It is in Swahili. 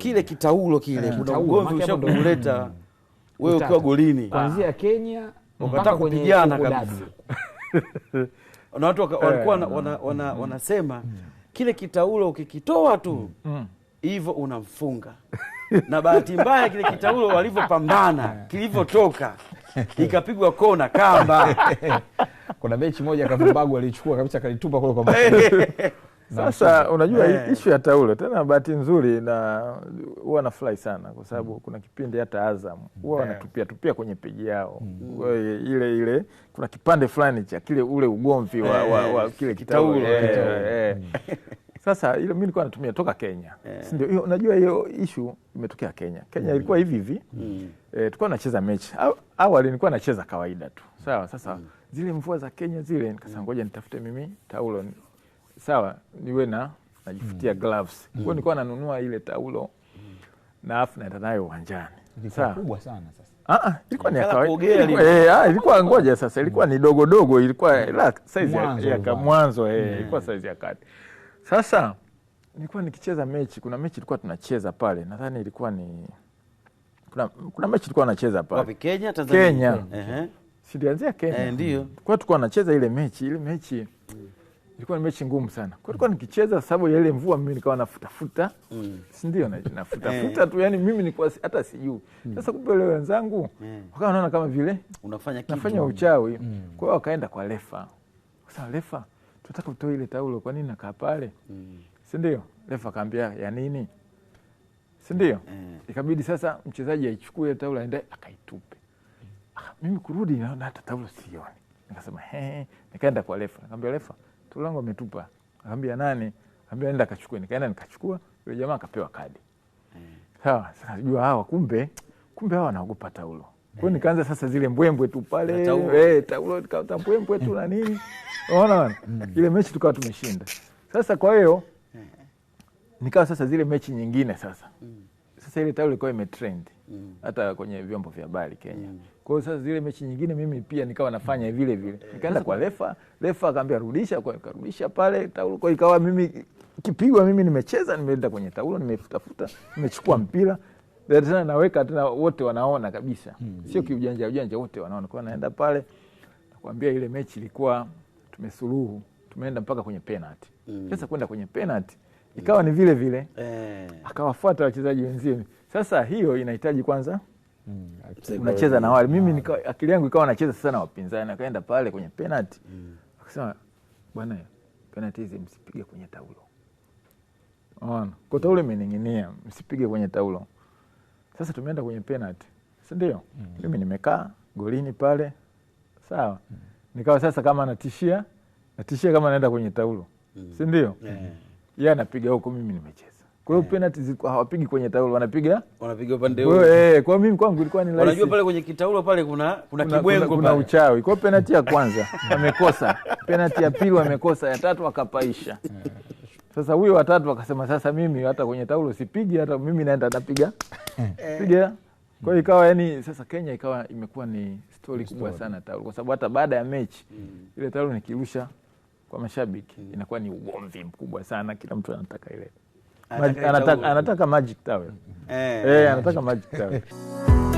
kile kitaulo kile eh. ugomvi ushakuleta mm. wewe ukiwa golini kuanzia ah. Kenya ukataka kupigana kabisa na watu eh. walikuwa mm. wanasema mm. kile kitaulo ukikitoa tu hivyo unamfunga na bahati mbaya kile kitaulo walivyopambana eh. kilivyotoka ikapigwa kona kamba kuna mechi moja Kavumbagu alichukua kabisa kalitupa kule kwa Sasa unajua yeah, ishu ya taulo tena, bahati nzuri na huwa nafurahi sana kwa mm. sababu mm. kuna kipindi hata Azam huwa eh. wanatupia tupia kwenye peji yao mm. ile ile, kuna kipande fulani cha kile ule ugomvi wa, wa, eh. wa kile kitaulo yeah, Yeah, yeah. Sasa ile mimi nilikuwa natumia toka Kenya yeah. Sindio, unajua hiyo ishu imetokea Kenya. Kenya mm. ilikuwa mm. hivi hivi mm. E, tulikuwa nacheza mechi awali, nilikuwa nacheza kawaida tu sawa. Sasa mm. zile mvua za Kenya zile, nikasema mm. ngoja nitafute mimi taulo sawa, niwe na najifutia mm. gloves mm. kwa nilikuwa nanunua ile taulo na afu naenda nayo uwanjani. Sawa, kubwa sana sasa Ah, ah ilikuwa ni ya kawaida. Ilikuwa, eh, ah, ilikuwa ngoja sasa, ilikuwa ni dogo dogo, ilikuwa mm. la size ya ya mwanzo eh, mm. ilikuwa size ya kati. Sasa nilikuwa nikicheza mechi, kuna mechi ilikuwa tunacheza pale. Nadhani ilikuwa ni kuna, kuna mechi ilikuwa nacheza pale. Wapi Kenya, Tanzania? Kenya. Eh. Silianzia Kenya. ndio. Kwa tulikuwa nacheza ile mechi, ile mechi. Mm ilikuwa ni mechi ngumu sana. Kulikuwa nikicheza sababu ya mvua mimi nikawa nafutafuta. Mm. sindio nafutafuta eh. tu yani mimi nikuwa hata sijui. Mm. Sasa kumbe wale wenzangu mm. wakawa wanaona kama vile unafanya kitu. Nafanya uchawi. Mm. Kwa hiyo wakaenda kwa refa. Sasa refa, tunataka utoe ile taulo kwa nini nakaa pale? Mm. sindio ndio? Refa akaambia ya nini? Si Mm. Ikabidi sasa mchezaji aichukue taulo aende akaitupe. Mm. mimi kurudi naona hata taulo sioni. Nikasema he, nikaenda kwa refa. nikaambia refa, Tulangu ametupa. Akaambia nani? ambia nenda kachukue. Nikaenda nikachukua, yule jamaa akapewa kadi. Mm. Sawa, sasa najua hawa kumbe kumbe hawa wanaogopa taulo. Kwa hiyo mm. nikaanza sasa zile mbwembwe tu pale, eh, taulo tukaota mbwembwe tu na nini. Unaona? Mm. Ile mechi tukawa tumeshinda. Sasa kwa hiyo nikawa sasa zile mechi nyingine sasa sasa ile tayari ilikuwa imetrend mm. hata kwenye vyombo vya habari Kenya mm. kwa hiyo sasa zile mechi nyingine mimi pia nikawa nafanya mm. vile vile, mm. nikaenda kwa refa, refa akaambia rudisha, kwa karudisha pale taulo, kwa ikawa mimi kipigwa mimi nimecheza, nimeenda kwenye taulo, nimefutafuta, nimechukua mm. mpira tena naweka tena, wote wanaona kabisa mm. sio kiujanja ujanja, wote wanaona. Kwa naenda pale nakwambia, ile mechi ilikuwa tumesuluhu, tumeenda mpaka kwenye penalty mm. sasa kwenda kwenye penalty ikawa ni vile vile eh, akawafuata wachezaji wenzini. Sasa hiyo inahitaji kwanza mm, unacheza na wale mimi ah. akili yangu ikawa nacheza sasa na wapinzani, akaenda pale kwenye penalty mm, akasema bwana, penalty hizi msipige kwenye taulo, ona kwa taulo imening'inia, msipige kwenye taulo. Sasa tumeenda kwenye penalty, sindio mm. mimi nimekaa golini pale, sawa mm. nikawa sasa kama natishia natishia kama naenda kwenye taulo, mm. sindio mm. yeah yeye anapiga huko, mimi nimecheza. kwahio hiyo eh. penalty zilikuwa hawapigi kwenye taulo, wanapiga wanapiga upande huo. Eh, kwa mimi kwangu ilikuwa ni rahisi. Unajua pale kwenye kitaulo pale kuna kuna kibwengo kuna, kuna uchawi. kwao penati ya kwanza amekosa penati ya pili wamekosa, ya tatu akapaisha Sasa huyo watatu akasema, sasa mimi hata kwenye taulo sipigi, hata mimi naenda napiga eh. piga. kwao ikawa yani, sasa Kenya ikawa imekuwa ni stori kubwa sana taulo, kwa sababu hata baada ya mechi mm. ile taulo nikirusha kwa mashabiki mm. inakuwa ni ugomvi mkubwa sana, kila mtu anataka ile anataka, anataka, anataka magic towel eh. eh, anataka magic towel